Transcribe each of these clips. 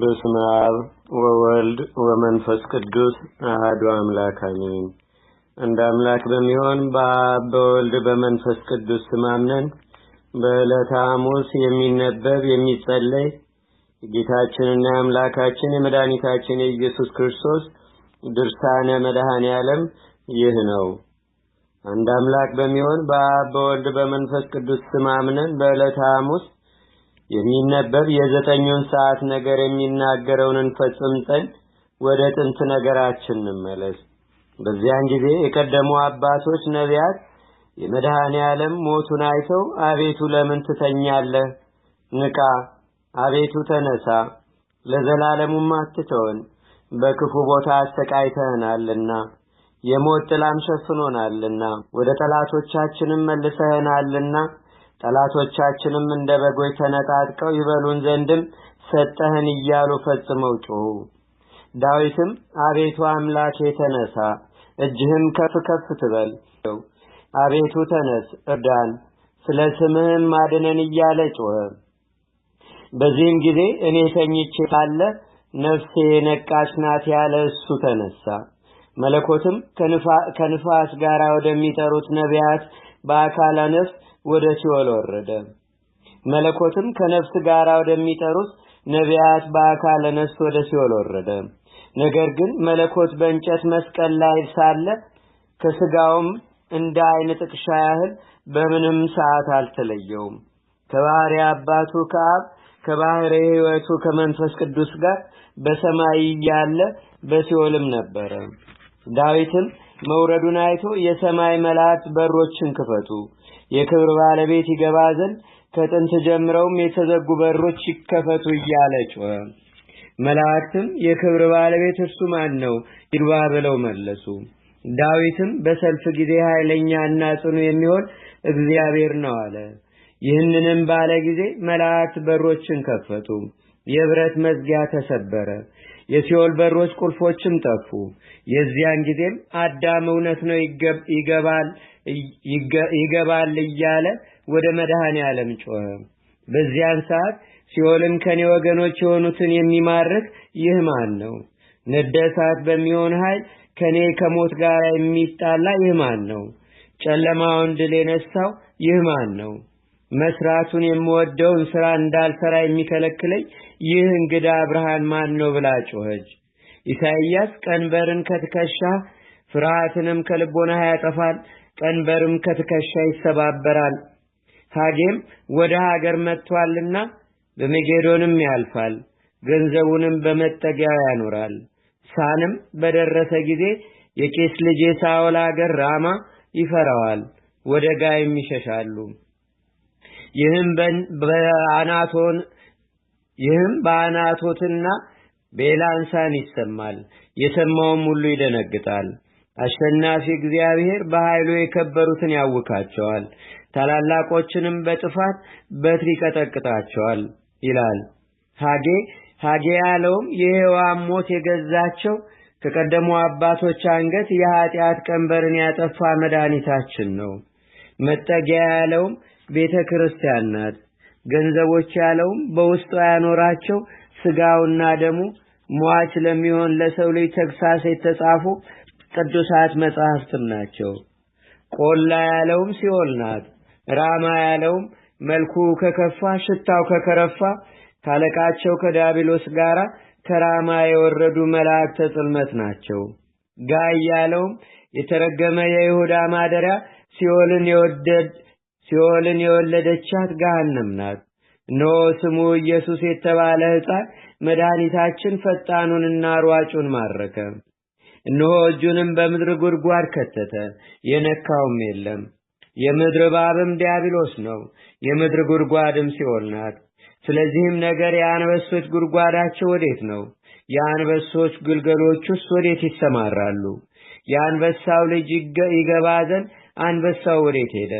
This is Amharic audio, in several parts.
በስመ አብ ወወልድ ወመንፈስ ቅዱስ አህዱ አምላክ አሜን። እንደ አምላክ በሚሆን በአብ በወልድ በመንፈስ ቅዱስ ስም አምነን በዕለተ ሐሙስ የሚነበብ የሚጸለይ ጌታችንና የአምላካችን የመድኃኒታችን የኢየሱስ ክርስቶስ ድርሳነ መድኃኔ ዓለም ይህ ነው። አንድ አምላክ በሚሆን በአብ በወልድ በመንፈስ ቅዱስ ስማምነን በዕለተ ሐሙስ የሚነበብ የዘጠኙን ሰዓት ነገር የሚናገረውን እንፈጽም ወደ ጥንት ነገራችን እንመለስ። በዚያን ጊዜ የቀደሙ አባቶች ነቢያት የመድኃኔ ዓለም ሞቱን አይተው አቤቱ ለምን ትተኛለህ? ንቃ፣ አቤቱ ተነሳ፣ ለዘላለሙም አትተወን፣ በክፉ ቦታ አሰቃይተህናልና የሞት ጥላም ሸፍኖናልና ወደ ጠላቶቻችንም መልሰህናልና ጠላቶቻችንም እንደ በጎች ተነጣጥቀው ይበሉን ዘንድም ሰጠህን እያሉ ፈጽመው ጮሁ። ዳዊትም አቤቱ አምላኬ ተነሳ፣ እጅህም ከፍ ከፍ ትበል። አቤቱ ተነስ እርዳን፣ ስለ ስምህም አድነን እያለ ጮኸ። በዚህም ጊዜ እኔ ተኝቼ ሳለ ነፍሴ የነቃች ናት ያለ እሱ ተነሳ። መለኮትም ከንፋስ ጋር ወደሚጠሩት ነቢያት በአካለ ነፍስ ወደ ሲኦል ወረደ። መለኮትም ከነፍስ ጋር ወደሚጠሩት ነቢያት በአካለ ነፍስ ወደ ሲኦል ወረደ። ነገር ግን መለኮት በእንጨት መስቀል ላይ ሳለ ከስጋውም እንደ አይነ ጥቅሻ ያህል በምንም ሰዓት አልተለየውም። ከባህሪ አባቱ ከአብ ከባህሪ ሕይወቱ ከመንፈስ ቅዱስ ጋር በሰማይ እያለ በሲኦልም ነበረ። ዳዊትም መውረዱን አይቶ የሰማይ መላእክት በሮችን ክፈቱ የክብር ባለቤት ይገባ ዘንድ ከጥንት ጀምረውም የተዘጉ በሮች ይከፈቱ እያለ ጮኸ። መላእክትም የክብር ባለቤት እርሱ ማን ነው ይግባ ብለው መለሱ። ዳዊትም በሰልፍ ጊዜ ኃይለኛ እና ጽኑ የሚሆን እግዚአብሔር ነው አለ። ይህንንም ባለ ጊዜ መላእክት በሮችን ከፈቱ። የብረት መዝጊያ ተሰበረ። የሲኦል በሮች ቁልፎችም ጠፉ። የዚያን ጊዜም አዳም እውነት ነው ይገባል ይገባል እያለ ወደ መድኃኔ ዓለም ጮኸ። በዚያን ሰዓት ሲኦልን ከኔ ወገኖች የሆኑትን የሚማርክ ይህ ማን ነው? ንደሳት በሚሆን ኃይል ከኔ ከሞት ጋር የሚጣላ ይህ ማን ነው? ጨለማውን ድል የነሳው ይህ ማን ነው? መስራቱን የምወደውን ስራ እንዳልሰራ የሚከለክለኝ ይህ እንግዳ ብርሃን ማን ነው ብላ ጮኸች። ኢሳይያስ ቀንበርን ከትከሻ ፍርሃትንም ከልቦና ያጠፋል ቀንበርም ከትከሻ ይሰባበራል። ሐጌም ወደ ሀገር መጥቷልና በመጌዶንም ያልፋል። ገንዘቡንም በመጠጊያ ያኖራል። ሳንም በደረሰ ጊዜ የቄስ ልጅ የሳውል አገር ራማ ይፈራዋል፣ ወደ ጋይም ይሸሻሉ። ይህም በአናቶን ይህም በአናቶትና ቤላንሳን ይሰማል። የሰማውም ሁሉ ይደነግጣል። አሸናፊ እግዚአብሔር በኃይሉ የከበሩትን ያውካቸዋል፣ ታላላቆችንም በጥፋት በትር ይቀጠቅጣቸዋል ይላል። ሀጌ ሀጌ ያለውም የሔዋን ሞት የገዛቸው ከቀደሙ አባቶች አንገት የኃጢአት ቀንበርን ያጠፋ መድኃኒታችን ነው። መጠጊያ ያለውም ቤተ ክርስቲያን ናት። ገንዘቦች ያለውም በውስጡ ያኖራቸው ስጋውና ደሙ ሟች ለሚሆን ለሰው ልጅ ተግሳስ የተጻፉ ቅዱሳት መጽሐፍትም ናቸው። ቆላ ያለውም ሲኦል ናት። ራማ ያለውም መልኩ ከከፋ ሽታው ከከረፋ ካለቃቸው ከዲያብሎስ ጋር ከራማ የወረዱ መላእክተ ጽልመት ናቸው። ጋይ ያለውም የተረገመ የይሁዳ ማደሪያ ሲኦልን የወደድ ሲኦልን የወለደቻት ገሃነም ናት። እነሆ ስሙ ኢየሱስ የተባለ ሕፃን መድኃኒታችን ፈጣኑንና ሯጩን ማረከ። እነሆ እጁንም በምድር ጉድጓድ ከተተ፣ የነካውም የለም። የምድር እባብም ዲያብሎስ ነው፣ የምድር ጉድጓድም ሲኦል ናት። ስለዚህም ነገር የአንበሶች ጉድጓዳቸው ወዴት ነው? የአንበሶች ግልገሎች ውስጥ ወዴት ይሰማራሉ? የአንበሳው ልጅ ይገባ ዘንድ አንበሳው ወዴት ሄደ?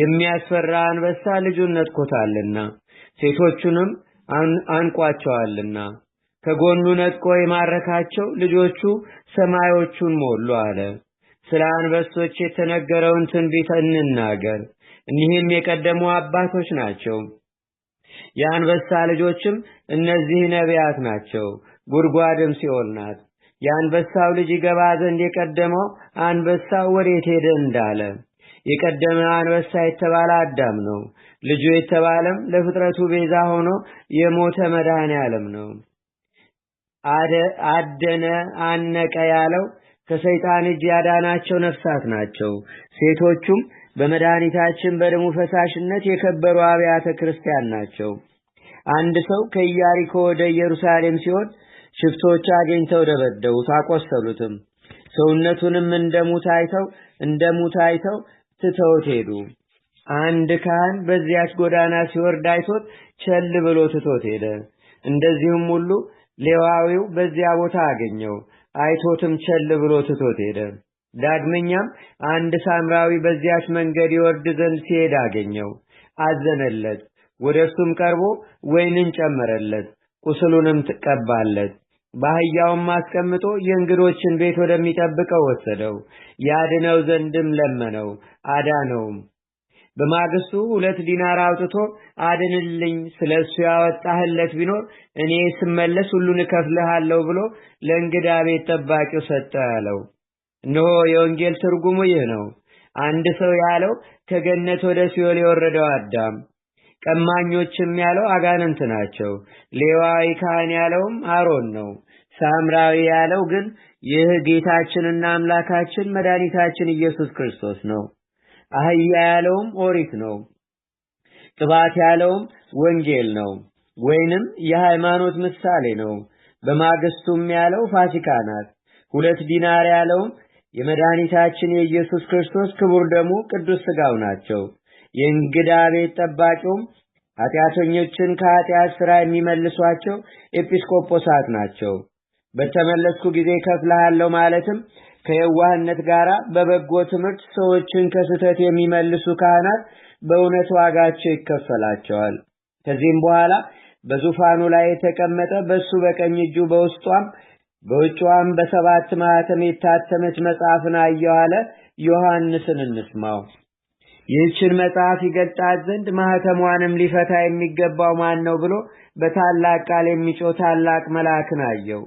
የሚያስፈራ አንበሳ ልጁን ነጥቆታልና ሴቶቹንም አንቋቸዋልና ከጎኑ ነጥቆ የማረካቸው ልጆቹ ሰማዮቹን ሞሉ አለ። ስለ አንበሶች የተነገረውን ትንቢት እንናገር። እኒህም የቀደሙ አባቶች ናቸው። የአንበሳ ልጆችም እነዚህ ነቢያት ናቸው። ጉድጓድም ሲኦል ናት። የአንበሳው ልጅ ይገባ ዘንድ የቀደመው አንበሳው ወዴት ሄደ እንዳለ የቀደመ አንበሳ የተባለ አዳም ነው። ልጁ የተባለም ለፍጥረቱ ቤዛ ሆኖ የሞተ መድኃኔ ዓለም ነው። አደነ አነቀ ያለው ከሰይጣን እጅ ያዳናቸው ነፍሳት ናቸው። ሴቶቹም በመድኃኒታችን በደሙ ፈሳሽነት የከበሩ አብያተ ክርስቲያን ናቸው። አንድ ሰው ከኢያሪኮ ወደ ኢየሩሳሌም ሲሆን ሽፍቶች አገኝተው ደበደቡት፣ አቆሰሉትም። ሰውነቱንም እንደ ሙት አይተው እንደ ሙት አይተው ትተውት ሄዱ። አንድ ካህን በዚያች ጎዳና ሲወርድ አይቶት ቸል ብሎ ትቶት ሄደ። እንደዚሁም ሁሉ ሌዋዊው በዚያ ቦታ አገኘው፣ አይቶትም ቸል ብሎ ትቶት ሄደ። ዳግመኛም አንድ ሳምራዊ በዚያች መንገድ ይወርድ ዘንድ ሲሄድ አገኘው፣ አዘነለት። ወደ እርሱም ቀርቦ ወይንን ጨመረለት፣ ቁስሉንም ትቀባለት በአህያውም አስቀምጦ የእንግዶችን ቤት ወደሚጠብቀው ወሰደው። ያድነው ዘንድም ለመነው፣ አዳነውም። በማግስቱ ሁለት ዲናር አውጥቶ አድንልኝ ስለ እሱ ያወጣህለት ቢኖር እኔ ስመለስ ሁሉን እከፍልሃለሁ ብሎ ለእንግዳ ቤት ጠባቂው ሰጠ ያለው እነሆ የወንጌል ትርጉሙ ይህ ነው። አንድ ሰው ያለው ከገነት ወደ ሲኦል የወረደው አዳም፣ ቀማኞችም ያለው አጋንንት ናቸው። ሌዋዊ ካህን ያለውም አሮን ነው። ሳምራዊ ያለው ግን ይህ ጌታችንና አምላካችን መድኃኒታችን ኢየሱስ ክርስቶስ ነው። አህያ ያለውም ኦሪት ነው። ቅባት ያለውም ወንጌል ነው፣ ወይንም የሃይማኖት ምሳሌ ነው። በማግስቱም ያለው ፋሲካ ናት። ሁለት ዲናር ያለውም የመድኃኒታችን የኢየሱስ ክርስቶስ ክቡር ደሙ ቅዱስ ስጋው ናቸው። የእንግዳ ቤት ጠባቂውም ኃጢአተኞችን ከኃጢአት ሥራ የሚመልሷቸው ኤጲስቆጶሳት ናቸው። በተመለስኩ ጊዜ ከፍልሃለሁ ማለትም ከየዋህነት ጋር በበጎ ትምህርት ሰዎችን ከስተት የሚመልሱ ካህናት በእውነት ዋጋቸው ይከፈላቸዋል። ከዚህም በኋላ በዙፋኑ ላይ የተቀመጠ በሱ በቀኝ እጁ በውስጧም በውጭዋም በሰባት ማኅተም የታተመች መጽሐፍን አየሁ አለ። ዮሐንስን እንስማው። ይህችን መጽሐፍ ይገልጣት ዘንድ ማኅተሟንም ሊፈታ የሚገባው ማን ነው ብሎ በታላቅ ቃል የሚጮህ ታላቅ መልአክን አየው።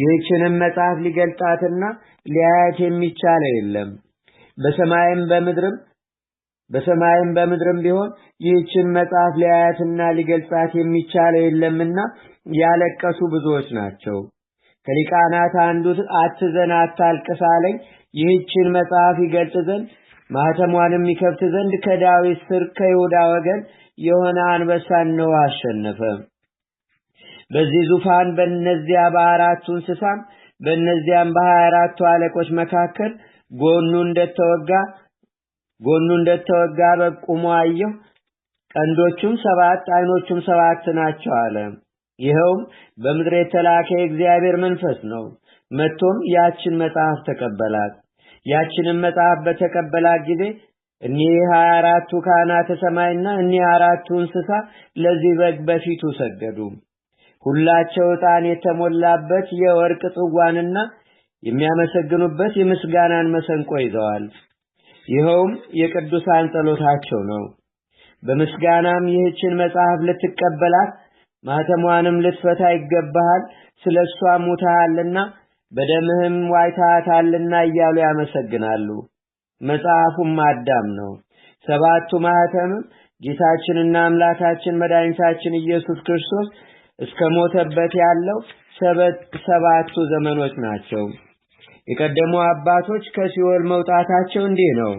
ይህችንም መጽሐፍ ሊገልጣትና ሊያያት የሚቻል የለም በሰማይም በምድርም በሰማይም በምድርም ቢሆን ይህችን መጽሐፍ ሊያያትና ሊገልጻት የሚቻለ የለምና ያለቀሱ ብዙዎች ናቸው። ከሊቃናት አንዱ አትዘን አታልቅስ አለኝ። ይህችን መጽሐፍ ይገልጽ ዘንድ ማህተሟንም ይከፍት ዘንድ ከዳዊት ስር ከይሁዳ ወገን የሆነ አንበሳን ነው አሸነፈ። በዚህ ዙፋን በእነዚያ በአራቱ እንስሳም በእነዚያም በሀያ አራቱ አለቆች መካከል ጎኑ እንደተወጋ ጎኑ እንደተወጋ በግ አየሁ። ቀንዶቹም ሰባት አይኖቹም ሰባት ናቸው አለ። ይኸውም በምድር የተላከ የእግዚአብሔር መንፈስ ነው። መጥቶም ያችን መጽሐፍ ተቀበላት። ያችን መጽሐፍ በተቀበላት ጊዜ እኒህ ሀያ አራቱ ካህናተ ሰማይና እኒህ አራቱ እንስሳ ለዚህ በግ በፊቱ ሰገዱ። ሁላቸው ዕጣን የተሞላበት የወርቅ ጽዋንና የሚያመሰግኑበት የምስጋናን መሰንቆ ይዘዋል። ይኸውም የቅዱሳን ጸሎታቸው ነው። በምስጋናም ይህችን መጽሐፍ ልትቀበላት ማኅተሟንም ልትፈታ ይገባሃል፣ ስለ እሷም በደምህም ዋይታታልና እያሉ ያመሰግናሉ። መጽሐፉም አዳም ነው። ሰባቱ ማኅተምም ጌታችንና አምላካችን መድኃኒታችን ኢየሱስ ክርስቶስ እስከ ሞተበት ያለው ሰባቱ ዘመኖች ናቸው። የቀደሙ አባቶች ከሲኦል መውጣታቸው እንዲህ ነው።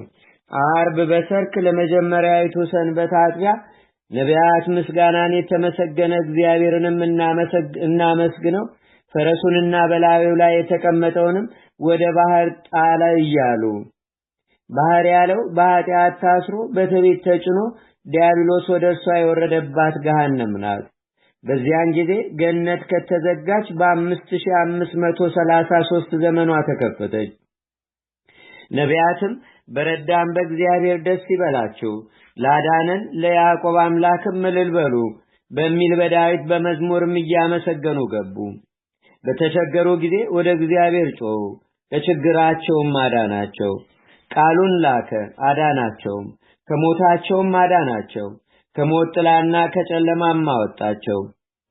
አርብ በሰርክ ለመጀመሪያዊቱ ሰንበት አጥቢያ ነቢያት ምስጋናን የተመሰገነ እግዚአብሔርንም እናመስግነው ፈረሱንና በላዩ ላይ የተቀመጠውንም ወደ ባህር ጣለ እያሉ ባህር ያለው በኃጢአት ታስሮ በትዕቢት ተጭኖ ዲያብሎስ ወደ እርሷ የወረደባት ገሃነም ናት። በዚያን ጊዜ ገነት ከተዘጋች በ5533 ዘመኗ ተከፈተች። ነቢያትም በረዳን በእግዚአብሔር ደስ ይበላችሁ፣ ላዳነን ለያዕቆብ አምላክም እልል በሉ በሚል በዳዊት በመዝሙርም እያመሰገኑ ገቡ። በተቸገሩ ጊዜ ወደ እግዚአብሔር ጮኹ፣ ከችግራቸውም አዳናቸው። ቃሉን ላከ አዳናቸውም፣ ከሞታቸውም አዳናቸው። ከሞት ጥላና ከጨለማም አወጣቸው።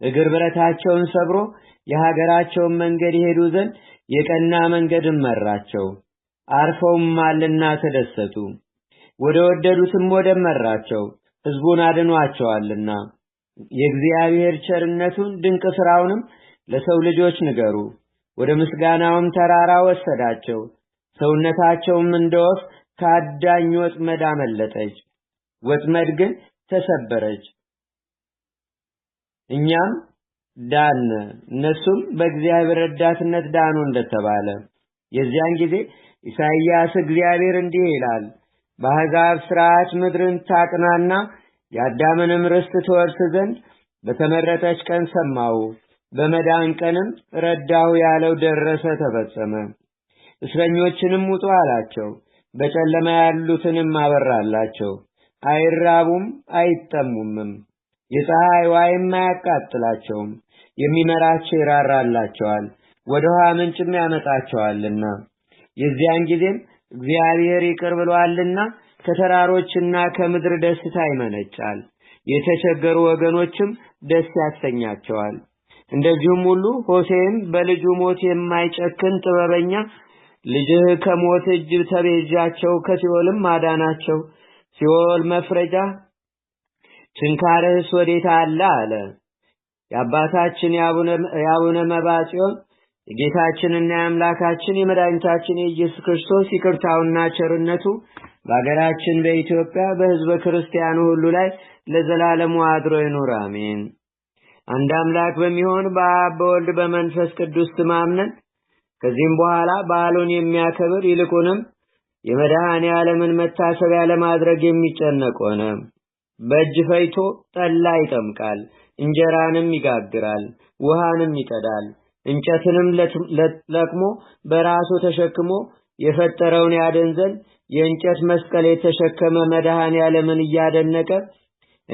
እግር ብረታቸውን ሰብሮ የሀገራቸውን መንገድ ይሄዱ ዘንድ የቀና መንገድን መራቸው። ማልና ተደሰቱ። ወደ ወደዱትም ወደ መራቸው፣ ሕዝቡን አድኗቸዋልና። የእግዚአብሔር ቸርነቱን ድንቅ ሥራውንም ለሰው ልጆች ንገሩ። ወደ ምስጋናውም ተራራ ወሰዳቸው። ሰውነታቸውም እንደ ወፍ ከአዳኝ ወጥመድ አመለጠች። ወጥመድ ግን ተሰበረች፣ እኛም ዳን እነሱም በእግዚአብሔር ረዳትነት ዳኑ እንደተባለ። የዚያን ጊዜ ኢሳይያስ እግዚአብሔር እንዲህ ይላል፣ በአሕዛብ ሥርዓት ምድርን ታቅናና የአዳምንም ርስት ትወርስ ዘንድ በተመረጠች ቀን ሰማው በመዳን ቀንም ረዳሁ ያለው ደረሰ ተፈጸመ። እስረኞችንም ውጡ አላቸው፣ በጨለማ ያሉትንም አበራላቸው፣ አይራቡም አይጠሙምም የፀሐይ ዋይም አያቃጥላቸውም የሚመራቸው ይራራላቸዋል፣ ወደ ውሃ ምንጭም ያመጣቸዋልና የዚያን ጊዜም እግዚአብሔር ይቅር ብሏልና ከተራሮችና ከምድር ደስታ ይመነጫል። የተቸገሩ ወገኖችም ደስ ያሰኛቸዋል። እንደዚሁም ሁሉ ሆሴዕም በልጁ ሞት የማይጨክን ጥበበኛ ልጅህ ከሞት እጅ ተቤዣቸው፣ ከሲኦልም ማዳናቸው ሲኦል መፍረጃ ችንካርህስ ወዴት አለ አለ። የአባታችን የአቡነ መብዓ ጽዮን የጌታችንና የአምላካችን የመድኃኒታችን የኢየሱስ ክርስቶስ ይቅርታውና ቸርነቱ በአገራችን በኢትዮጵያ በሕዝበ ክርስቲያኑ ሁሉ ላይ ለዘላለሙ አድሮ ይኑር፣ አሜን። አንድ አምላክ በሚሆን በአብ በወልድ በመንፈስ ቅዱስ ትማምነን ከዚህም በኋላ በዓሉን የሚያከብር ይልቁንም የመድኃኔ ዓለምን መታሰቢያ ለማድረግ የሚጨነቅ ሆነ። በእጅ ፈይቶ ጠላ ይጠምቃል፣ እንጀራንም ይጋግራል፣ ውሃንም ይቀዳል። እንጨትንም ለቅሞ በራሱ ተሸክሞ የፈጠረውን ያደን ዘንድ የእንጨት መስቀል የተሸከመ መድኃኔ ዓለምን እያደነቀ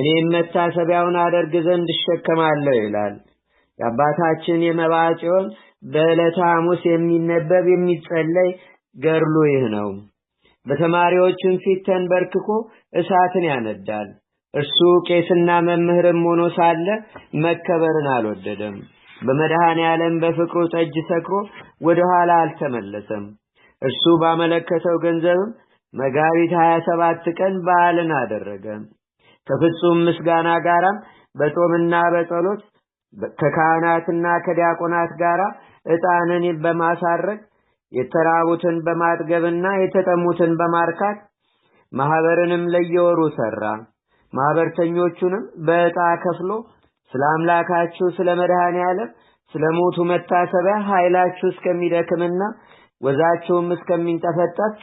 እኔም መታሰቢያውን አደርግ ዘንድ እሸከማለሁ ይላል። የአባታችን የመባ ጽዮን በዕለተ ሐሙስ የሚነበብ የሚጸለይ ገድሉ ይህ ነው። በተማሪዎችን ፊት ተንበርክኮ እሳትን ያነዳል። እርሱ ቄስና መምህርም ሆኖ ሳለ መከበርን አልወደደም። በመድኃኔ ዓለም በፍቅሩ ጠጅ ሰክሮ ወደ ኋላ አልተመለሰም። እርሱ ባመለከተው ገንዘብም መጋቢት 27 ቀን በዓልን አደረገ። ከፍጹም ምስጋና ጋራም በጾምና በጸሎት ከካህናትና ከዲያቆናት ጋር ዕጣንን በማሳረግ የተራቡትን በማጥገብና የተጠሙትን በማርካት ማህበርንም ለየወሩ ሰራ። ማህበርተኞቹንም በዕጣ ከፍሎ ስለ አምላካችሁ ስለ መድኃኔ ዓለም ስለ ሞቱ መታሰቢያ ኃይላችሁ እስከሚደክምና ወዛችሁም እስከሚንጠፈጠፍ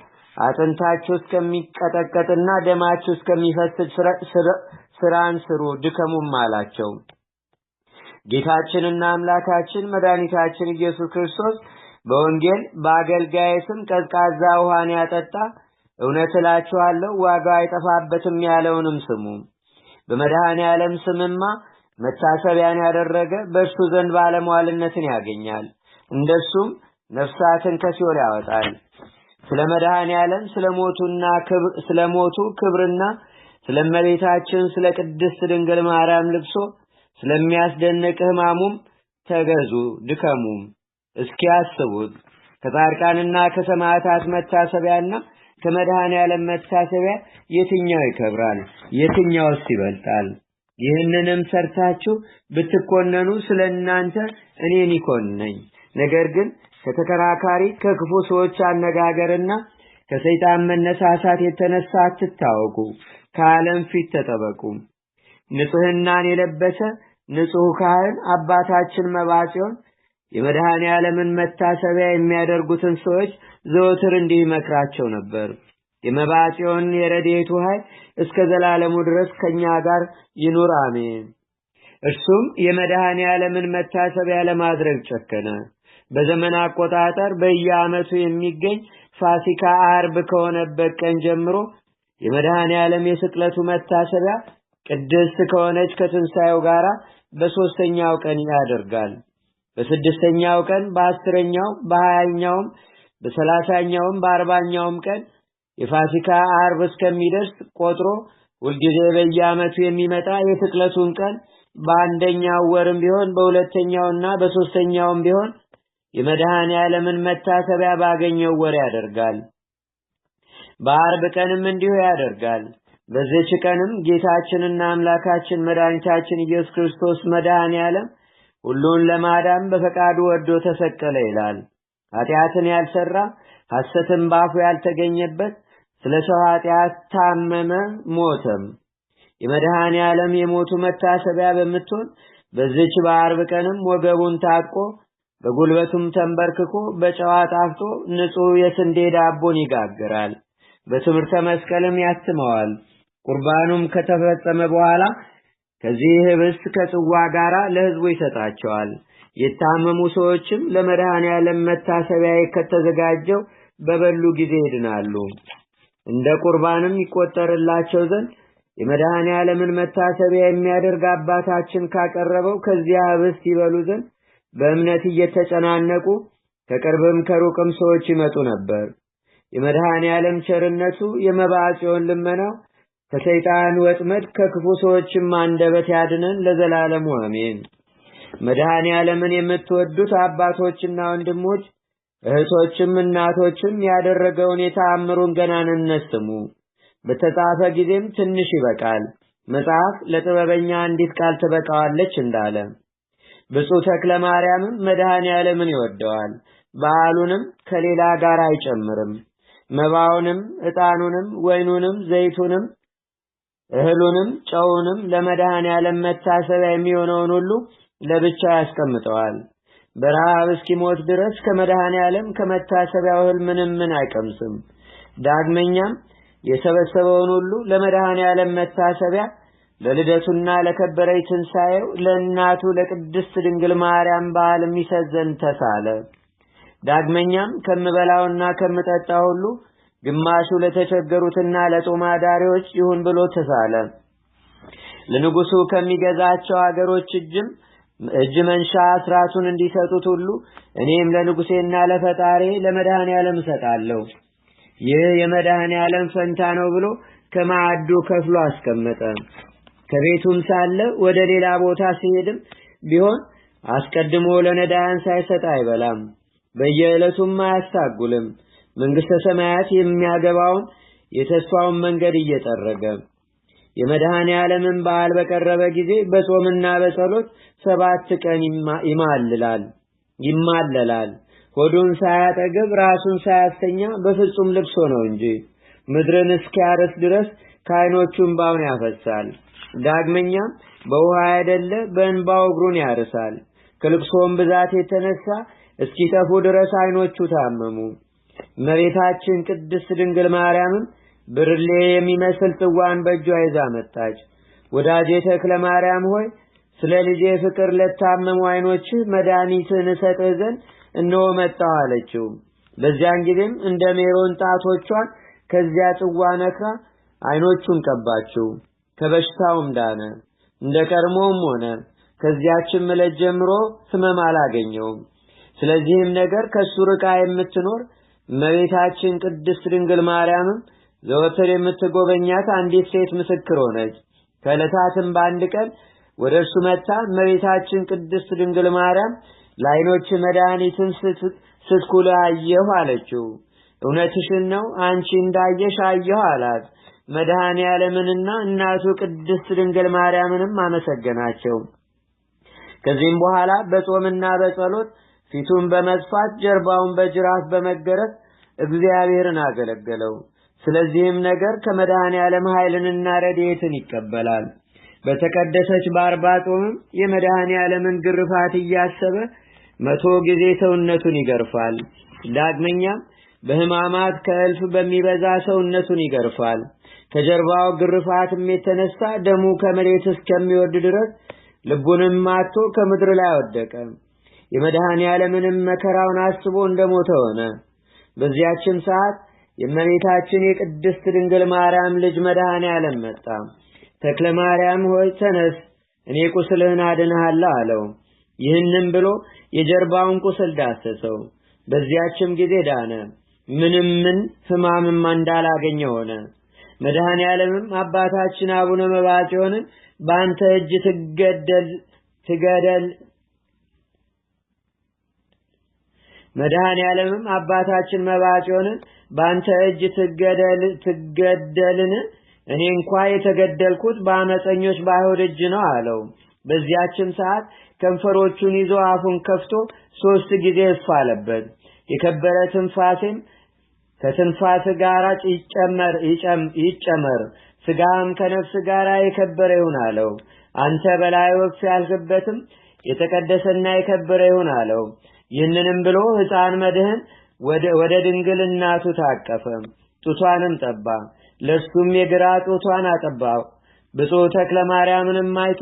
አጥንታችሁ እስከሚቀጠቀጥና ደማችሁ እስከሚፈስድ ስራን ስሩ ድከሙም አላቸው። ጌታችንና አምላካችን መድኃኒታችን ኢየሱስ ክርስቶስ በወንጌል በአገልጋይ ስም ቀዝቃዛ ውሃን ያጠጣ እውነት እላችኋለሁ ዋጋ አይጠፋበትም ያለውንም ስሙ። በመድኃኔ ዓለም ስምማ መታሰቢያን ያደረገ በእርሱ ዘንድ ባለሟልነትን ያገኛል። እንደሱም ነፍሳትን ከሲኦል ያወጣል። ስለ መድኃኔ ዓለም ስለሞቱና ስለሞቱ ክብርና ስለመቤታችን ስለ ቅድስት ድንግል ማርያም ልብሶ ስለሚያስደንቅ ሕማሙም ተገዙ ድከሙም እስኪያስቡት ከጻድቃንና ከሰማዕታት መታሰቢያና ከመድኃኔ ዓለም መታሰቢያ የትኛው ይከብራል? የትኛውስ ይበልጣል? ይህንንም ሰርታችሁ ብትኮነኑ ስለ እናንተ እኔን ይኮንነኝ። ነገር ግን ከተከራካሪ ከክፉ ሰዎች አነጋገርና ከሰይጣን መነሳሳት የተነሳ አትታወቁ፣ ከዓለም ፊት ተጠበቁ። ንጽህናን የለበሰ ንጹህ ካህን አባታችን መባጽዮን የመድኃኔ ዓለምን መታሰቢያ የሚያደርጉትን ሰዎች ዘወትር እንዲህ ይመክራቸው ነበር። የመባጽዮን ጽዮን የረድኤቱ ኃይል እስከ ዘላለሙ ድረስ ከእኛ ጋር ይኑር አሜን። እርሱም የመድኃኔ ዓለምን መታሰቢያ ለማድረግ ጨከነ። በዘመን አቆጣጠር በየዓመቱ የሚገኝ ፋሲካ አርብ ከሆነበት ቀን ጀምሮ የመድኃኔ ዓለም የስቅለቱ መታሰቢያ ቅድስት ከሆነች ከትንሣኤው ጋር በሦስተኛው ቀን ያደርጋል። በስድስተኛው ቀን በአስረኛው በሀያኛውም በሰላሳኛውም በአርባኛውም ቀን የፋሲካ አርብ እስከሚደርስ ቆጥሮ ሁልጊዜ በየዓመቱ የሚመጣ የስቅለቱን ቀን በአንደኛው ወርም ቢሆን በሁለተኛውና በሶስተኛውም ቢሆን የመድኃኔ ዓለምን መታሰቢያ ባገኘው ወር ያደርጋል። በአርብ ቀንም እንዲሁ ያደርጋል። በዚች ቀንም ጌታችንና አምላካችን መድኃኒታችን ኢየሱስ ክርስቶስ መድኃኔ ዓለም ሁሉን ለማዳን በፈቃዱ ወዶ ተሰቀለ ይላል። ኃጢአትን ያልሰራ ሐሰትን ባፉ ያልተገኘበት ስለ ሰው ኃጢአት ታመመ ሞተም። የመድኃኔ ዓለም የሞቱ መታሰቢያ በምትሆን በዚች በአርብ ቀንም ወገቡን ታቆ በጉልበቱም ተንበርክኮ በጨዋ ጣፍጦ ንጹሕ የስንዴ ዳቦን ይጋግራል። በትምህርተ መስቀልም ያትመዋል። ቁርባኑም ከተፈጸመ በኋላ ከዚህ ህብስት ከጽዋ ጋር ለህዝቡ ይሰጣቸዋል። የታመሙ ሰዎችም ለመድኃኔ ዓለም መታሰቢያ ከተዘጋጀው በበሉ ጊዜ ይድናሉ። እንደ ቁርባንም ይቆጠርላቸው ዘንድ የመድኃኔ ዓለምን መታሰቢያ የሚያደርግ አባታችን ካቀረበው ከዚያ ህብስት ይበሉ ዘንድ በእምነት እየተጨናነቁ ከቅርብም ከሩቅም ሰዎች ይመጡ ነበር። የመድኃኔ ቸርነቱ የመባዓ ጽዮን ልመናው ከሰይጣን ወጥመድ ከክፉ ሰዎችም አንደበት ያድነን ለዘላለሙ አሜን። መድኃኔ ዓለምን የምትወዱት አባቶችና ወንድሞች እህቶችም እናቶችም ያደረገውን የተአምሩን ገናንነት ስሙ። በተጻፈ ጊዜም ትንሽ ይበቃል፣ መጽሐፍ ለጥበበኛ አንዲት ቃል ትበቃዋለች እንዳለ ብፁዕ ተክለ ማርያምም መድኃኔ ዓለምን ይወደዋል። በዓሉንም ከሌላ ጋር አይጨምርም። መባውንም ዕጣኑንም ወይኑንም ዘይቱንም እህሉንም ጨውንም ለመድኃኔዓለም መታሰቢያ የሚሆነውን ሁሉ ለብቻ ያስቀምጠዋል። በረሃብ እስኪሞት ድረስ ከመድኃኔዓለም ከመታሰቢያው እህል ምንም ምን አይቀምስም። ዳግመኛም የሰበሰበውን ሁሉ ለመድኃኔዓለም መታሰቢያ ለልደቱና ለከበረይ ትንሣኤው ለእናቱ ለቅድስት ድንግል ማርያም በዓል የሚሰዘን ተሳለ። ዳግመኛም ከምበላውና ከምጠጣው ሁሉ ግማሹ ለተቸገሩትና ለጦም አዳሪዎች ይሁን ብሎ ተሳለ። ለንጉሱ ከሚገዛቸው አገሮች እጅም እጅ መንሻ አስራቱን እንዲሰጡት ሁሉ እኔም ለንጉሴና ለፈጣሬ ለመድኃኔ ዓለም እሰጣለሁ። ይህ የመድኃኔ ዓለም ፈንታ ነው ብሎ ከማዕዱ ከፍሎ አስቀመጠ። ከቤቱም ሳለ ወደ ሌላ ቦታ ሲሄድም ቢሆን አስቀድሞ ለነዳያን ሳይሰጥ አይበላም፣ በየዕለቱም አያስታጉልም። መንግሥተ ሰማያት የሚያገባውን የተስፋውን መንገድ እየጠረገ የመድኃኔ ዓለምን በዓል በቀረበ ጊዜ በጾምና በጸሎት ሰባት ቀን ይማልላል ይማለላል። ሆዱን ሳያጠግብ ራሱን ሳያስተኛ በፍጹም ልብሶ ነው እንጂ ምድርን እስኪያርስ ድረስ ከዓይኖቹ እንባውን ያፈሳል። ዳግመኛም በውሃ አይደለ በእንባው እግሩን ያርሳል። ከልቅሶም ብዛት የተነሳ እስኪጠፉ ድረስ ዓይኖቹ ታመሙ። መሬታችን ቅድስት ድንግል ማርያምም ብርሌ የሚመስል ጽዋን በእጇ ይዛ መጣች። ወዳጄ ተክለ ማርያም ሆይ ስለ ልጄ ፍቅር ለታመሙ ዓይኖችህ መድኃኒትን እሰጥህ ዘንድ እነሆ መጣሁ አለችው። በዚያን ጊዜም እንደ ሜሮን ጣቶቿን ከዚያ ጽዋ ነክራ ዓይኖቹን ቀባችው። ከበሽታውም ዳነ፣ እንደ ቀድሞውም ሆነ። ከዚያችም ዕለት ጀምሮ ሕመም አላገኘውም። ስለዚህም ነገር ከእሱ ርቃ የምትኖር እመቤታችን ቅድስት ድንግል ማርያምም ዘወትር የምትጎበኛት አንዲት ሴት ምስክር ሆነች። ከዕለታትም በአንድ ቀን ወደ እርሱ መጥታ እመቤታችን ቅድስት ድንግል ማርያም ለዓይኖች መድኃኒትን ስትኩል አየሁ አለችው። እውነትሽን ነው አንቺ እንዳየሽ አየሁ አላት። መድኃኔ ያለምንና እናቱ ቅድስት ድንግል ማርያምንም አመሰገናቸው። ከዚህም በኋላ በጾምና በጸሎት ፊቱን በመጽፋት ጀርባውን በጅራት በመገረፍ እግዚአብሔርን አገለገለው። ስለዚህም ነገር ከመድኃኔ ዓለም ኃይልንና ረድኤትን ይቀበላል። በተቀደሰች በአርባ ጾምም የመድኃኔ ዓለምን ግርፋት እያሰበ መቶ ጊዜ ሰውነቱን ይገርፋል። ዳግመኛም በሕማማት ከእልፍ በሚበዛ ሰውነቱን ይገርፋል። ከጀርባው ግርፋትም የተነሳ ደሙ ከመሬት እስከሚወርድ ድረስ ልቡንም አጥቶ ከምድር ላይ ወደቀ። የመድኃኔ ዓለምንም መከራውን አስቦ እንደሞተ ሆነ። በዚያችም ሰዓት የእመቤታችን የቅድስት ድንግል ማርያም ልጅ መድኃኔ ዓለም መጣ። ተክለ ማርያም ሆይ ተነስ፣ እኔ ቁስልህን አድንሃለሁ አለው። ይህንም ብሎ የጀርባውን ቁስል ዳሰሰው። በዚያችም ጊዜ ዳነ፣ ምንም ምን ሕማምም እንዳላገኘ ሆነ። መድኃኔ ዓለምም አባታችን አቡነ መብዓ ጽዮንን በአንተ እጅ ትገደል ትገደል መድኃኔ ዓለምም አባታችን መባጮንን በአንተ እጅ ትገደልን? እኔ እንኳ የተገደልኩት በአመፀኞች በአይሁድ እጅ ነው አለው። በዚያችም ሰዓት ከንፈሮቹን ይዞ አፉን ከፍቶ ሶስት ጊዜ እፍ አለበት። የከበረ ትንፋሴም ከትንፋስ ጋር ይጨመር ይጨመር፣ ስጋም ከነፍስ ጋር የከበረ ይሁን አለው። አንተ በላይ ወፍ ያልህበትም የተቀደሰና የከበረ ይሁን አለው። ይህንንም ብሎ ህፃን መድህን ወደ ድንግል እናቱ ታቀፈ፣ ጡቷንም ጠባ። ለሱም የግራ ጡቷን አጠባው። ብፁዕ ተክለ ማርያምንም አይቶ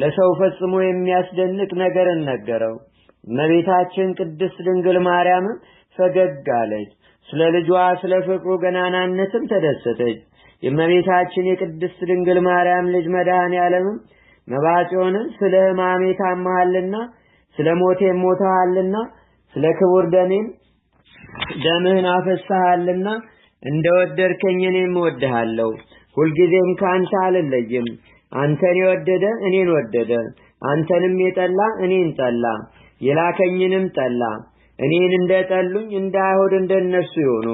ለሰው ፈጽሞ የሚያስደንቅ ነገርን ነገረው። እመቤታችን ቅድስት ድንግል ማርያምም ፈገግ አለች። ስለ ልጇ ስለ ፍቅሩ ገናናነትም ተደሰተች። የእመቤታችን የቅድስት ድንግል ማርያም ልጅ መድኃኔ ዓለምም ሆነ ስለ ሕማሜ ታመሃልና ስለ ሞቴ ሞተሃልና ስለ ክቡር ደሜም ደምህን አፈሳሃልና እንደወደድከኝ እኔም እወድሃለሁ። ሁልጊዜም ከአንተ አልለይም። አንተን የወደደ እኔን ወደደ፣ አንተንም የጠላ እኔን ጠላ፣ የላከኝንም ጠላ። እኔን እንደጠሉኝ እንደ አይሁድ እንደነሱ ይሆኑ።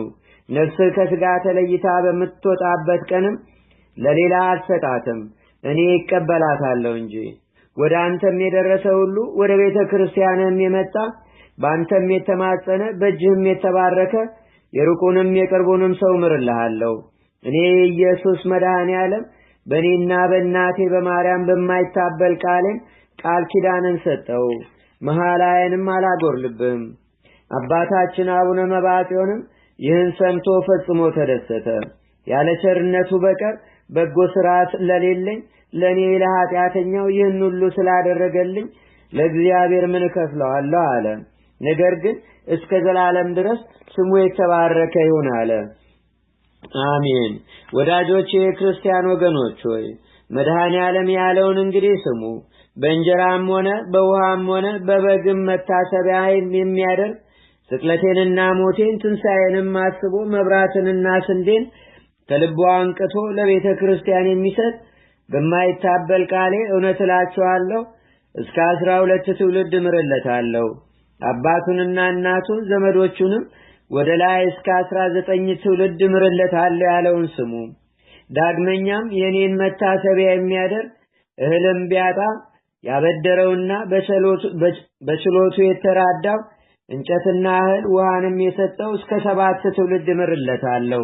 ነፍስህ ከስጋ ተለይታ በምትወጣበት ቀንም ለሌላ አልሰጣትም፣ እኔ ይቀበላታለሁ እንጂ ወደ አንተም የደረሰ ሁሉ ወደ ቤተ ክርስቲያንም የመጣ በአንተም የተማጸነ በእጅህም የተባረከ የሩቁንም የቅርቡንም ሰው ምርልሃለሁ። እኔ ኢየሱስ መድኃኔ ዓለም በእኔና በእናቴ በማርያም በማይታበል ቃሌም ቃል ኪዳንን ሰጠው፣ መሐላዬንም አላጎርልብም። አባታችን አቡነ መባጤውንም ይህን ሰምቶ ፈጽሞ ተደሰተ። ያለ ቸርነቱ በቀር በጎ ስርዓት ለሌለኝ ለእኔ ለኃጢአተኛው ይህን ሁሉ ስላደረገልኝ ለእግዚአብሔር ምን እከፍለዋለሁ አለ። ነገር ግን እስከ ዘላለም ድረስ ስሙ የተባረከ ይሁን አለ። አሜን። ወዳጆቼ የክርስቲያን ወገኖች ሆይ መድኃኔ ዓለም ያለውን እንግዲህ ስሙ። በእንጀራም ሆነ በውሃም ሆነ በበግም መታሰቢያ የሚያደርግ ስቅለቴንና ሞቴን ትንሣኤንም አስቦ መብራትንና ስንዴን ከልቧ አንቅቶ ለቤተ ክርስቲያን የሚሰጥ በማይታበል ቃሌ እውነት እላችኋለሁ እስከ አስራ ሁለት ትውልድ ምርለታለሁ አባቱንና እናቱን ዘመዶቹንም ወደ ላይ እስከ አስራ ዘጠኝ ትውልድ ምርለታለሁ ያለውን ስሙ ዳግመኛም የኔን መታሰቢያ የሚያደርግ እህልም ቢያጣ ያበደረውና በችሎቱ የተራዳው እንጨትና እህል ውሃንም የሰጠው እስከ ሰባት ትውልድ ምርለታለሁ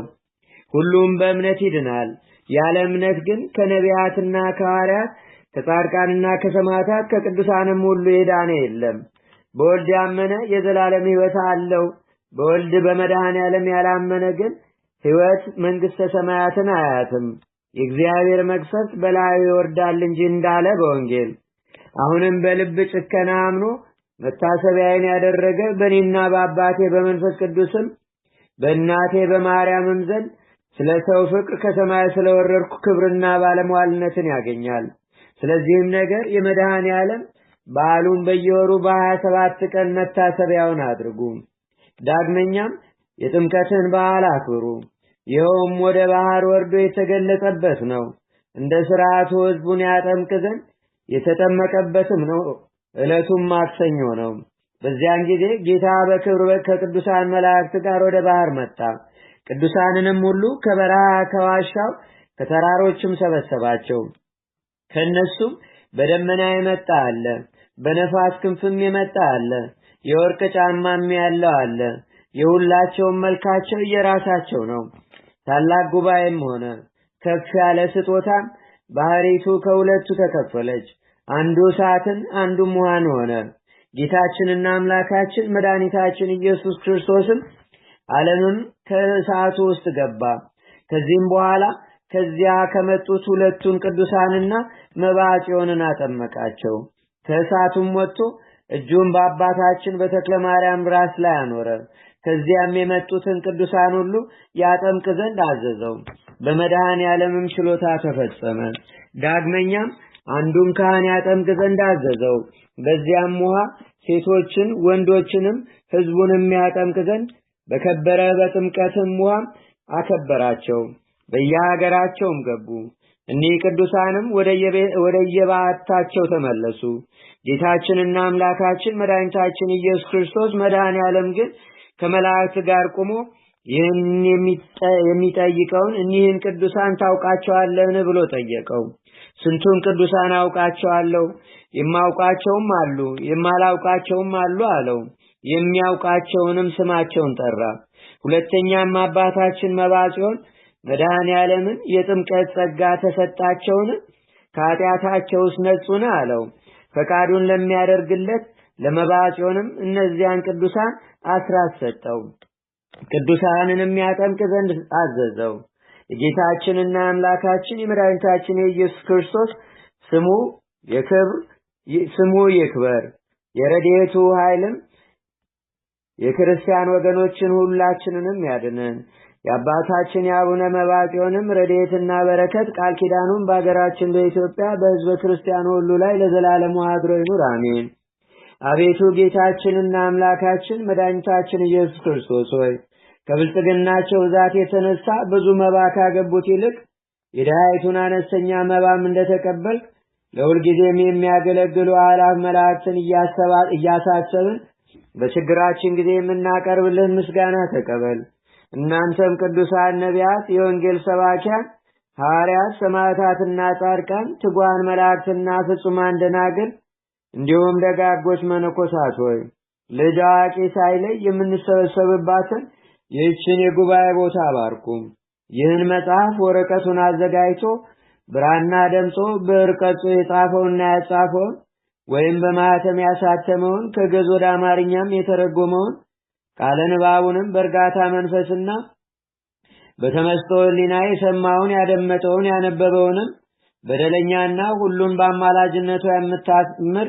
ሁሉም በእምነት ይድናል ያለ እምነት ግን ከነቢያትና ከሐዋርያት ከጻድቃንና ከሰማዕታት ከቅዱሳንም ሁሉ የዳነ የለም። በወልድ ያመነ የዘላለም ሕይወት አለው። በወልድ በመድኃኔ ዓለም ያላመነ ግን ሕይወት መንግሥተ ሰማያትን አያትም። የእግዚአብሔር መቅሰፍት በላዩ ይወርዳል እንጂ እንዳለ በወንጌል አሁንም በልብ ጭከና አምኖ መታሰቢያዬን ያደረገ በእኔና በአባቴ በመንፈስ ቅዱስም በእናቴ በማርያምም ዘንድ ስለ ሰው ፍቅር ከሰማይ ስለወረድኩ ክብርና ባለመዋልነትን ያገኛል። ስለዚህም ነገር የመድኃኔ ዓለም በዓሉን በየወሩ በሀያ ሰባት ቀን መታሰቢያውን አድርጉ። ዳግመኛም የጥምቀትን በዓል አክብሩ። ይኸውም ወደ ባህር ወርዶ የተገለጸበት ነው። እንደ ስርዓቱ ሕዝቡን ያጠምቅ ዘንድ የተጠመቀበትም ነው። ዕለቱም ማክሰኞ ነው። በዚያን ጊዜ ጌታ በክብር ከቅዱሳን መላእክት ጋር ወደ ባህር መጣ። ቅዱሳንንም ሁሉ ከበረሃ ከዋሻው ከተራሮችም ሰበሰባቸው። ከነሱም በደመና የመጣ አለ፣ በነፋስ ክንፍም የመጣ አለ፣ የወርቅ ጫማም ያለው አለ። የሁላቸውም መልካቸው የራሳቸው ነው። ታላቅ ጉባኤም ሆነ። ከፍ ያለ ስጦታም ባህሪቱ ከሁለቱ ተከፈለች። አንዱ እሳትን አንዱም ውሃን ሆነ። ጌታችንና አምላካችን መድኃኒታችን ኢየሱስ ክርስቶስም ዓለምም ከእሳቱ ውስጥ ገባ። ከዚህም በኋላ ከዚያ ከመጡት ሁለቱን ቅዱሳንና መባ ጽዮንን አጠመቃቸው። ከእሳቱም ወጥቶ እጁን በአባታችን በተክለ ማርያም ራስ ላይ አኖረ። ከዚያም የመጡትን ቅዱሳን ሁሉ ያጠምቅ ዘንድ አዘዘው። በመድኃኔ ዓለምም ችሎታ ተፈጸመ። ዳግመኛም አንዱን ካህን ያጠምቅ ዘንድ አዘዘው። በዚያም ውሃ ሴቶችን ወንዶችንም ሕዝቡን የሚያጠምቅ ዘንድ በከበረ በጥምቀትም ውሃ አከበራቸው። በየሀገራቸውም ገቡ። እኒህ ቅዱሳንም ወደየበዓታቸው ተመለሱ። ጌታችንና አምላካችን መድኃኒታችን ኢየሱስ ክርስቶስ መድኃኔ ዓለም ግን ከመላእክት ጋር ቆሞ ይህን የሚጠይቀውን እኒህን ቅዱሳን ታውቃቸዋለህን ብሎ ጠየቀው። ስንቱን ቅዱሳን አውቃቸዋለሁ፣ የማውቃቸውም አሉ፣ የማላውቃቸውም አሉ አለው። የሚያውቃቸውንም ስማቸውን ጠራ። ሁለተኛም አባታችን መባጽዮን መድኃኔ ዓለምን የጥምቀት ጸጋ ተሰጣቸውን ከኃጢአታቸውስ ነጹን አለው። ፈቃዱን ለሚያደርግለት ለመባጽዮንም እነዚያን ቅዱሳን አስራት ሰጠው። ቅዱሳንንም ያጠምቅ ዘንድ አዘዘው። የጌታችንና አምላካችን የመድኃኒታችን የኢየሱስ ክርስቶስ ስሙ የክብር ስሙ ይክበር የረድኤቱ ኃይልም የክርስቲያን ወገኖችን ሁላችንንም ያድንን። የአባታችን የአቡነ መባቂዮንም ረድኤትና በረከት ቃል ኪዳኑን በአገራችን በኢትዮጵያ በሕዝበ ክርስቲያን ሁሉ ላይ ለዘላለሙ አድሮ ይኑር፣ አሜን። አቤቱ ጌታችንና አምላካችን መድኃኒታችን ኢየሱስ ክርስቶስ ሆይ ከብልጽግናቸው ብዛት የተነሳ ብዙ መባ ካገቡት ይልቅ የድሃይቱን አነስተኛ መባም እንደተቀበልክ ለሁልጊዜም የሚያገለግሉ አእላፍ መላእክትን እያሳሰብን በችግራችን ጊዜ የምናቀርብልህ ምስጋና ተቀበል። እናንተም ቅዱሳን ነቢያት፣ የወንጌል ሰባኪያን ሐዋርያት፣ ሰማዕታትና ጻድቃን፣ ትጓን መላእክትና ፍጹማን ደናግል፣ እንዲሁም ደጋጎች መነኮሳት ሆይ ልጅ አዋቂ ሳይለይ የምንሰበሰብባትን ይህችን የጉባኤ ቦታ አባርኩም። ይህን መጽሐፍ ወረቀቱን አዘጋጅቶ ብራና ደምጾ ብዕር ቀርጾ የጻፈውና ያጻፈውን ወይም በማህተም ያሳተመውን ከገዝ ወደ አማርኛም የተረጎመውን ቃለ ንባቡንም በእርጋታ መንፈስና በተመስጦ ሕሊና የሰማውን ያደመጠውን ያነበበውንም በደለኛና ሁሉን በአማላጅነቷ የምታምር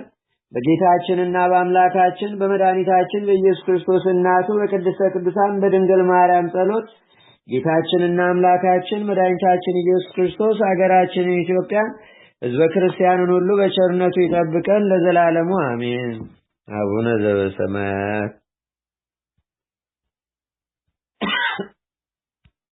በጌታችንና በአምላካችን በመድኃኒታችን በኢየሱስ ክርስቶስ እናቱ በቅድስተ ቅዱሳን በድንግል ማርያም ጸሎት ጌታችንና አምላካችን መድኃኒታችን ኢየሱስ ክርስቶስ አገራችንን ኢትዮጵያን ህዝበ ክርስቲያኑን ሁሉ በቸርነቱ ይጠብቀን ለዘላለሙ አሜን። አቡነ ዘበሰማያት